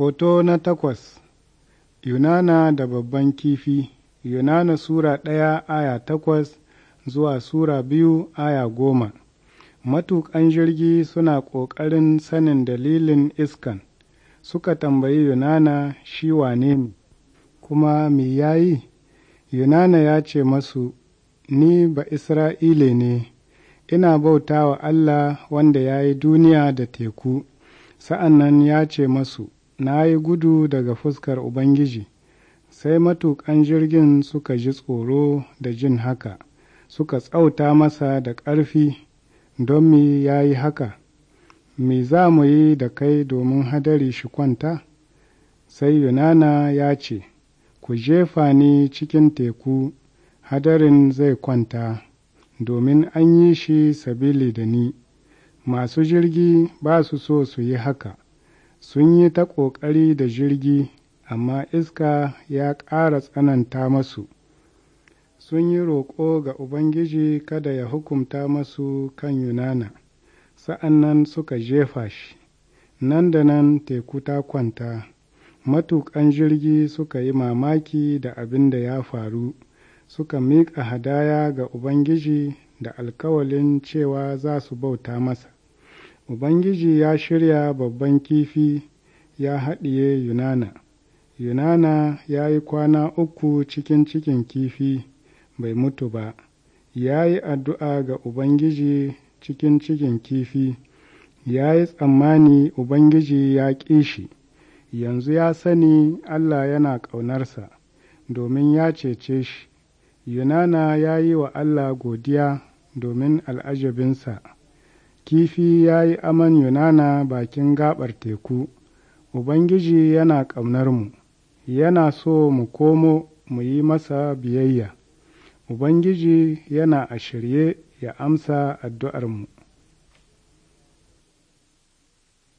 Foto na takwas Yunana da babban kifi Yunana Sura ɗaya aya takwas zuwa Sura biyu aya goma Matuƙan jirgi suna ƙoƙarin sanin dalilin iskan, suka tambayi Yunana shi wane ne, kuma me yayi? Yunana ya ce masu, Ni ba Isra'ile ne, ina bauta wa Allah wanda ya yi duniya da teku, sa'an nan ya ce masu, na yi gudu daga fuskar Ubangiji, sai matuƙan jirgin suka ji tsoro da jin haka, suka tsauta masa da ƙarfi don mi ya yi haka, mi za mu yi da kai domin hadari shi kwanta? Sai Yunana ya ce, Ku jefa ni cikin teku, hadarin zai kwanta, domin an yi shi sabili da ni, masu jirgi ba su so su yi haka. sun yi ta ƙoƙari da jirgi amma iska ya ƙara tsananta masu sun yi roƙo ga ubangiji kada ya hukumta masu kan yunana sa'an nan suka jefa shi nan da nan teku ta kwanta matuƙan jirgi suka yi mamaki da abin da ya faru suka miƙa hadaya ga ubangiji da alkawalin cewa za su bauta masa Ubangiji ya shirya babban kifi ya haɗiye Yunana. Yunana ya yi kwana uku cikin cikin kifi bai mutu ba, ya yi addu'a ga Ubangiji cikin cikin kifi, ya yi tsammani Ubangiji ya ƙi shi, yanzu ya sani Allah yana ƙaunarsa, domin ya cece shi. Yunana ya yi wa Allah godiya domin al'ajabinsa. kifi ya yi aman yunana bakin gaɓar teku ubangiji yana ƙaunar mu yana so mu komo mu yi masa biyayya ubangiji yana a shirye ya amsa addu'armu